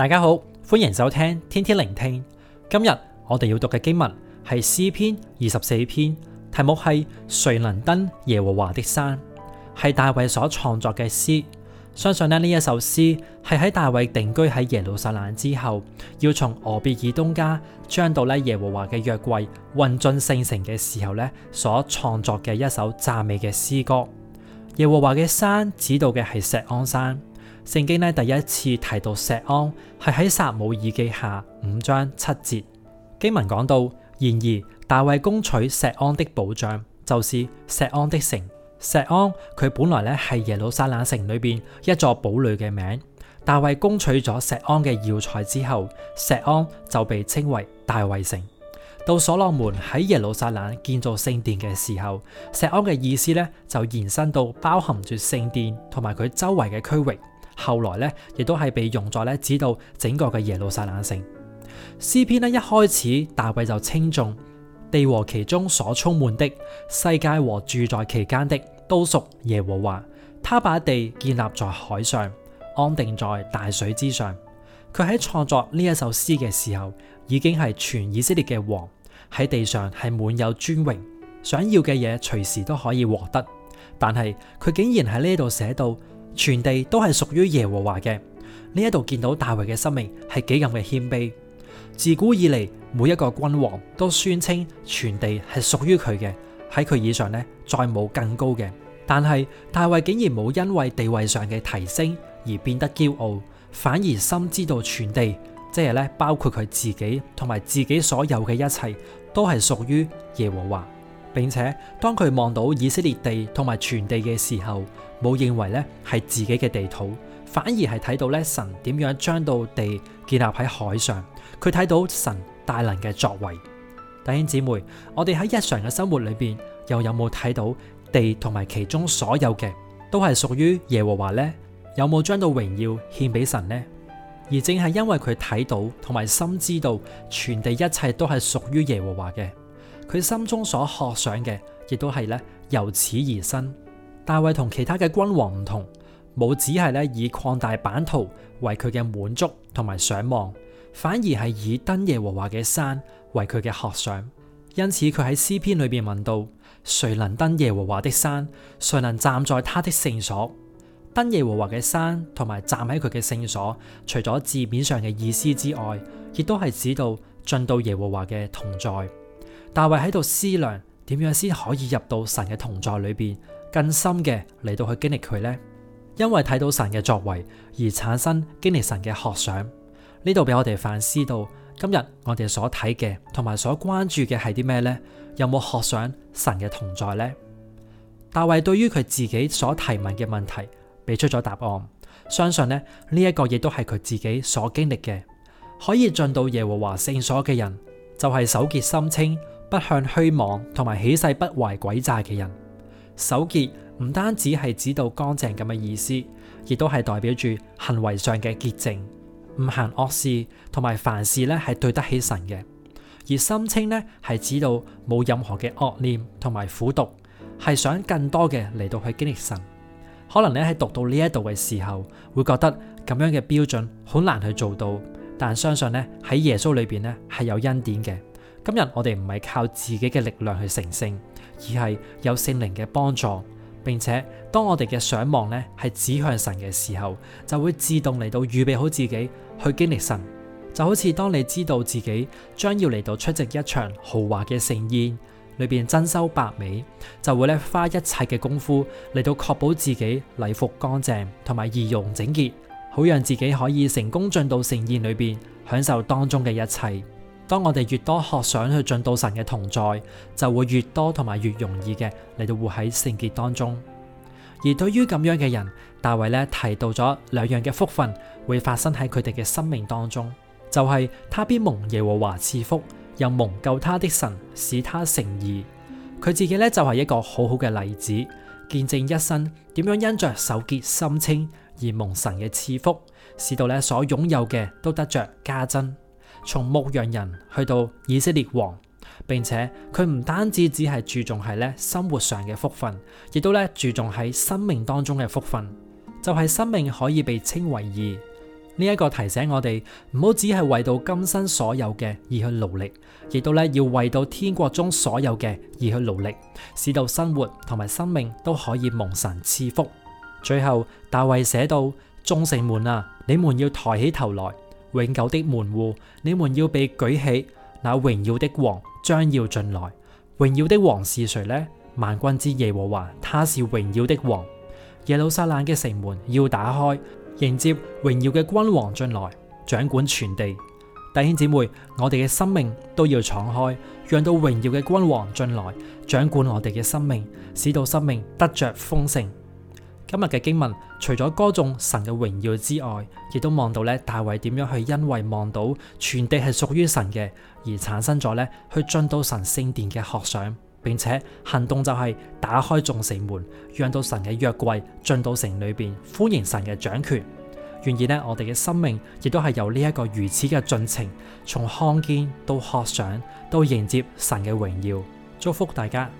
大家好，歡迎收聽天天聆聽。今日我哋要讀嘅經文係詩篇二十四篇，題目係誰能登耶和華的山，係大衛所創作嘅詩。相信咧呢一首詩係喺大衛定居喺耶路撒冷之後，要從俄別以東家將到咧耶和華嘅約櫃運進聖城嘅時候咧所創作嘅一首讚美嘅詩歌。耶和華嘅山指到嘅係錫安山。聖經呢，第一次提到錫安係喺撒母耳記下五章七節經文講到，然而大衛攻取錫安的保障，就是錫安的城。錫安佢本來咧係耶路撒冷城裏邊一座堡壘嘅名。大衛攻取咗錫安嘅要塞之後，錫安就被稱為大衛城。到所羅門喺耶路撒冷建造聖殿嘅時候，錫安嘅意思咧就延伸到包含住聖殿同埋佢周圍嘅區域。後來咧，亦都係被用作咧指導整個嘅耶路撒冷城。詩篇咧一開始大衛就稱頌地和其中所充滿的，世界和住在其間的都屬耶和華。他把地建立在海上，安定在大水之上。佢喺創作呢一首詩嘅時候，已經係全以色列嘅王喺地上係滿有尊榮，想要嘅嘢隨時都可以獲得。但係佢竟然喺呢度寫到。全地都係屬於耶和華嘅，呢一度見到大衛嘅生命係幾咁嘅謙卑。自古以嚟，每一個君王都宣稱全地係屬於佢嘅，喺佢以上呢，再冇更高嘅。但係大衛竟然冇因為地位上嘅提升而變得驕傲，反而深知道全地，即係咧包括佢自己同埋自己所有嘅一切，都係屬於耶和華。並且當佢望到以色列地同埋全地嘅時候，冇認為咧係自己嘅地土，反而係睇到咧神點樣將到地建立喺海上。佢睇到神大能嘅作為。弟兄姊妹，我哋喺日常嘅生活裏邊，又有冇睇到地同埋其中所有嘅都係屬於耶和華呢？有冇將到榮耀獻俾神呢？而正係因為佢睇到同埋深知道，全地一切都係屬於耶和華嘅。佢心中所渴想嘅，亦都係咧由此而生。大衛同其他嘅君王唔同，冇只係咧以擴大版圖為佢嘅滿足同埋想望，反而係以登耶和華嘅山為佢嘅渴想。因此，佢喺詩篇裏邊問到，誰能登耶和華的山？誰能站在他的聖所？登耶和華嘅山同埋站喺佢嘅聖所，除咗字面上嘅意思之外，亦都係指到進到耶和華嘅同在。大衛喺度思量點樣先可以入到神嘅同在裏邊，更深嘅嚟到去經歷佢呢？因為睇到神嘅作為而產生經歷神嘅渴想，呢度俾我哋反思到今日我哋所睇嘅同埋所關注嘅係啲咩呢？有冇渴想神嘅同在呢？大衛對於佢自己所提問嘅問題俾出咗答案，相信呢，呢、這、一個亦都係佢自己所經歷嘅，可以進到耶和華聖所嘅人就係、是、手潔心清。不向虛妄同埋起誓不懷詭詐嘅人，手潔唔單止係指到乾淨咁嘅意思，亦都係代表住行為上嘅潔淨，唔行惡事，同埋凡事咧係對得起神嘅。而心清咧係指到冇任何嘅惡念同埋苦毒，係想更多嘅嚟到去經歷神。可能你喺讀到呢一度嘅時候，會覺得咁樣嘅標準好難去做到，但相信咧喺耶穌裏邊咧係有恩典嘅。今日我哋唔係靠自己嘅力量去成聖，而係有聖靈嘅幫助，並且當我哋嘅想望咧係指向神嘅時候，就會自動嚟到預備好自己去經歷神。就好似當你知道自己將要嚟到出席一場豪華嘅盛宴，裏邊珍饈百味，就會咧花一切嘅功夫嚟到確保自己禮服乾淨同埋儀容整潔，好讓自己可以成功進到盛宴裏邊享受當中嘅一切。當我哋越多渴想去進到神嘅同在，就會越多同埋越容易嘅嚟到活喺聖潔當中。而對於咁樣嘅人，大衛咧提到咗兩樣嘅福分會發生喺佢哋嘅生命當中，就係、是、他必蒙耶和華賜福，又蒙救他的神使他成義。佢自己咧就係、是、一個好好嘅例子，見證一生點樣因着手潔心清而蒙神嘅賜福，使到咧所擁有嘅都得着加增。從牧羊人去到以色列王，並且佢唔單止只係注重係咧生活上嘅福分，亦都咧注重喺生命當中嘅福分。就係、是、生命可以被稱為義呢一、這個提醒我哋唔好只係為到今生所有嘅而去努力，亦都咧要為到天國中所有嘅而去努力，使到生活同埋生命都可以蒙神賜福。最後大衛寫到：眾城門啊，你們要抬起頭來。永久的門戶，你們要被舉起。那榮耀的王將要進來。榮耀的王是誰呢？萬軍之耶和華，他是榮耀的王。耶路撒冷嘅城門要打開，迎接榮耀嘅君王進來，掌管全地。弟兄姊妹，我哋嘅生命都要敞開，讓到榮耀嘅君王進來，掌管我哋嘅生命，使到生命得着豐盛。今日嘅經文，除咗歌頌神嘅榮耀之外，亦都望到咧大衛點樣去，因為望到全地係屬於神嘅，而產生咗咧去進到神聖殿嘅渴想，並且行動就係打開眾城門，讓到神嘅約櫃進到城裏邊，歡迎神嘅掌權。願意咧我哋嘅生命，亦都係由呢一個如此嘅進程，從看見到渴想，到迎接神嘅榮耀。祝福大家。